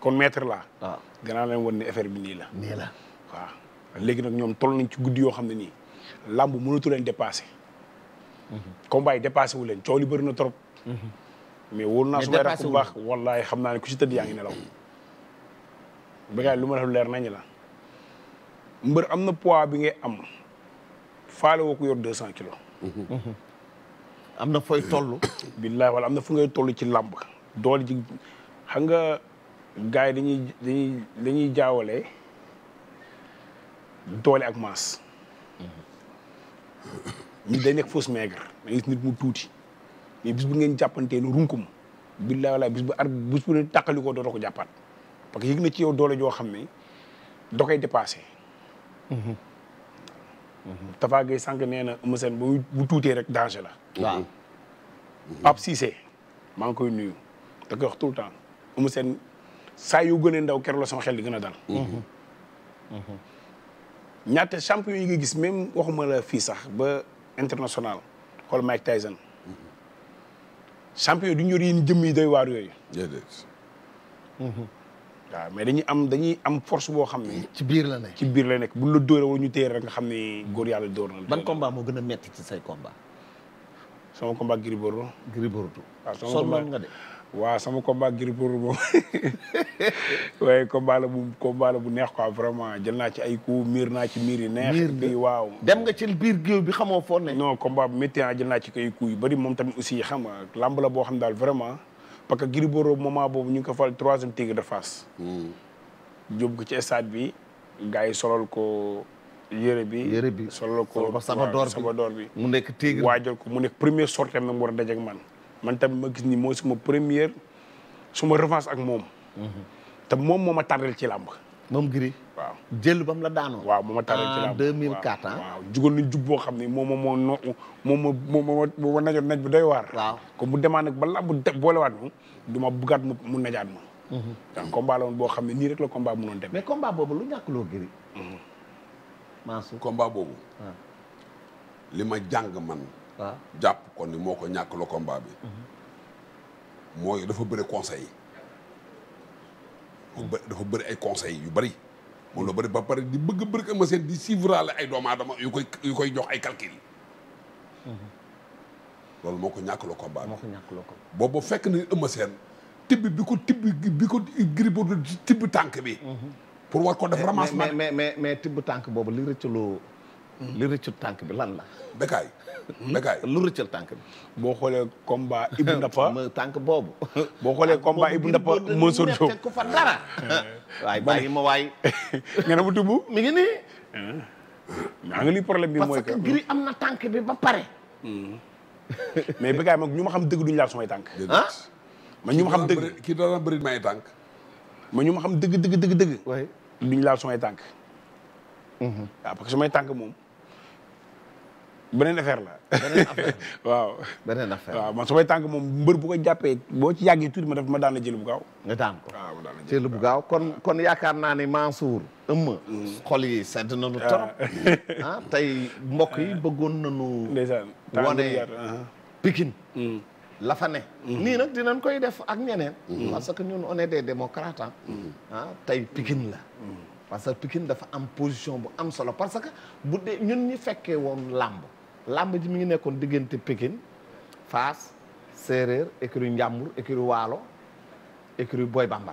kon maître laa. waaw ah. dinaa leen wan ne affaire bi nii la. nii la a léegi nag ñoom toll nañ ci guddi yoo xam ne nii lamb mënatu leen dépassé. Mhm. combat yi dépassé wu leen coow li bëri na trop. Mhm. mais wóor na su ma rakk bu xam naa ne ku si tëdd yaa ngi nelaw. ba gars lu ma def leer nañ la. mbër am na poids bi ngay am faale woo ko yor deux cent kilos. Mhm. am na fooy toll. billaay wala am na fu ngay toll ci làmb. doole ji xam gars yi dañuy dañuy dañuy jaawale doole ak masse nit day nekk fausse maigre da gis nit mu tuuti mais bis bu ngeen jàppantee lu runkum billaay walaay bis bu ar bis bu ne tàqali ko dootoo ko parce que yëg na ci yow doole joo xam ne da koy dépassé Tafa Gueye sànq nee na Eumeu Sène bu bu tuutee rek danger la waaw Pape Cissé maa ngi koy nuyu da koy wax tout temps saa yu gën a ndaw keroog la sama xel di gën a dal. Mhm. Mhm. Mhm. ñaata champion yi nga gis même waxuma la fii sax ba international xool Mike Tyson. champion du ñu yor yéen jëmm yi doy waar yooyu. waaw mais dañuy am dañuy am force boo xam ne. ci biir la nekk ci biir la nekk bu la dóoree ñu téye rek nga xam ne góor yàlla dóor na. ban combat moo gën a metti ci say combat. sama combat Gris Bordeaux. Gris Bordeaux. waaw sama nga de. waaw sama combat Gris Bordeaux moom waaye combat bu combat la bu neex quoi vraiment jël naa ci ay coups miir naa ci miir yi neex. bi waaw. dem nga ci biir géew bi xamoo foo ne. non combat bu métti jël naa ci ay coups yu bëri moom tamit aussi xam nga làmb boo xam daal vraiment parce que Gris Bordeaux moment boobu ñu ngi ko fal troisième tigre de Fass. Hmm. jóob ko ci stade bi gars yi solal ko. yëre bi yére bi solal ko. solal ko Sabadoor bi bi. mu nekk waa waajal ko mu nekk première sorte am na mu war a dajeeg man. man tamit ma gis ni mooy suma première suma revanche ak moom. te moom moom ma tardel ci làmb. moom Gris. jël ba mu la daan waaw moo a tardel ci làmb en 2004 ah. waaw jugoon jub boo xam ne moom moo noo moom moo moo moo ma najoon naj bu doy waar. waaw comme bu demaan nag ba làmb boolewaat ma du ma bëggaat mu najaat ma. Mhm. donc combat la woon boo xam ne nii rek la combat munoon demee. mais combat boobu loo Gris. Mhm. Mansour combat boobu. Ah. li ma jàng man. waaw jàpp moo ko ñàkk la combat bi. mooy dafa bëri conseil yi. dafa bëri ay conseils yu bari moom la bëri ba pare di bëgg bëri ama seen di suivraale ay doomu aadama yu koy yu jox ay calcul. Mm-hmm. loolu moo ko ñàkk la combat boobu fekk na ëmma seen bi ko tibb bi bi. Mm-hmm. pour war ko def ramassement mais mais mais tibb tànk boobu li rëccaloo. Mm-hmm. li rëccu tànk bi lan la. Bécaye. Hmm? Bécaye lu rëccal tànk bi. boo xoolee combat Ibou Ndapha. tànk boobu. boo xoolee combat Ibou Ndapha Mansour Diop. fekk fa dara. waay bàyyi ma waay. nga ne bu mi ngi nii. maa ngi li problème bi mooy que. parce que am na tànk bi ba pare. Hmm. mais Bécaye moom ñu ma xam dëgg duñu laal sumay tànk. ah man ñu ma xam dëgg kii doon na bëri may tànk. man ñu ma xam dëgg dëgg dëgg dëgg. waay duñu laal sumay tànk. waaw mm-hmm. ah, parce moom. beneen affaire la. beneen affaire waaw. beneen affaire moom mbër bu ko jàppee boo ci yàggee tuuti ma def ma daan la jël bu gaaw. nga daan ko waaw la bu gaaw kon kon yaakaar naa ne Mansour. ëmm mm-hmm. xol yi sedd nañu ah. trop. ah tey mbokk yi bëggoon nañu. ndeysaan wane uh-huh. Pikine. Mm-hmm. la fa ne. Mm-hmm. nii koy def ak ñeneen. parce que ñun on est des démocrates ah. tey Pikine la. parce que Pikine dafa am position bu am solo parce que bu dee ñun ñi fekkee woon làmb. làmb ji mi ngi nekkoon diggante Pikine Fass séeréer écurie Njàmbur écurie Waalo écurie Boy Bambal